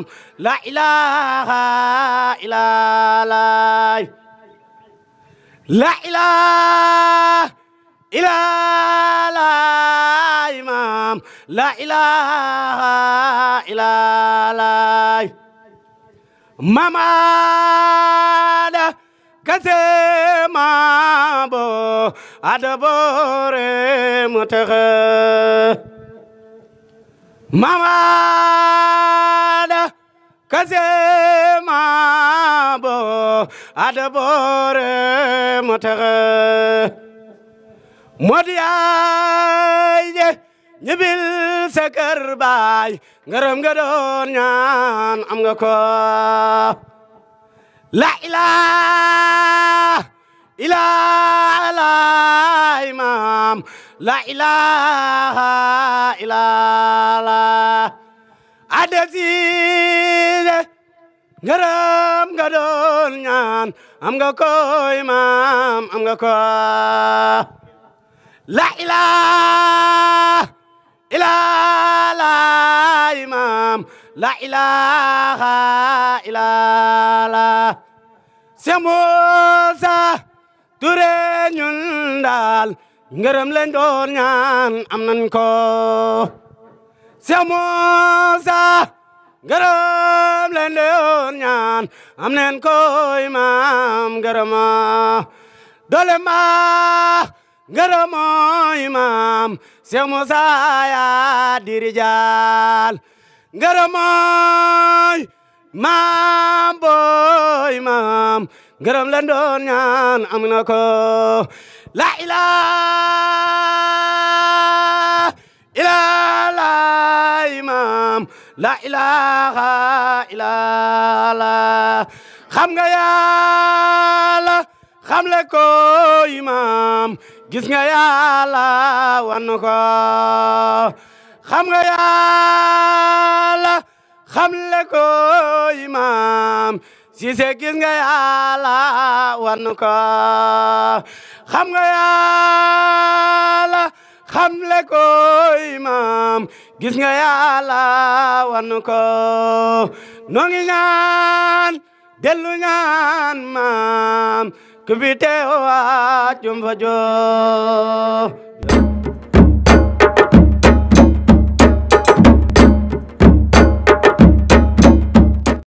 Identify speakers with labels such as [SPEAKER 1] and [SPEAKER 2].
[SPEAKER 1] maam la ilaha illa lay la ilaha illa lay maam la ilaha illa lay mamada kasema bo adabore mutaxa mamada kasema bo adabore motaga modiyaye ñibil sa kër baay ngërëm nga doon ñaan am nga ko la ilaha illa allah imam la ilaha illa allah adesi Garam gadon nyan am ga koy mam am ga ko La ila ila la imam La ilaha illa la Semosa Ture ñun dal ngërëm leen doon ñaan am nan ko Semosa gërëm leen doon ñaan am neen koy maam gërëma doole ma gërëmooy maam Seex Musa ya dirijaal gërëmooy maam booy maam gërëm leen doon ñaan am na ko la ilaha illa Allah maam la ilaha illa xam nga yàlla xam le ko gis nga yàlla wan xam nga yàlla xam le ko imam gis nga yàlla wan xam nga yàlla xamle ko imaam gis nga yàlla wan ko noo ngi ñaan dellu ñaan maam ku fi teewaat fa joo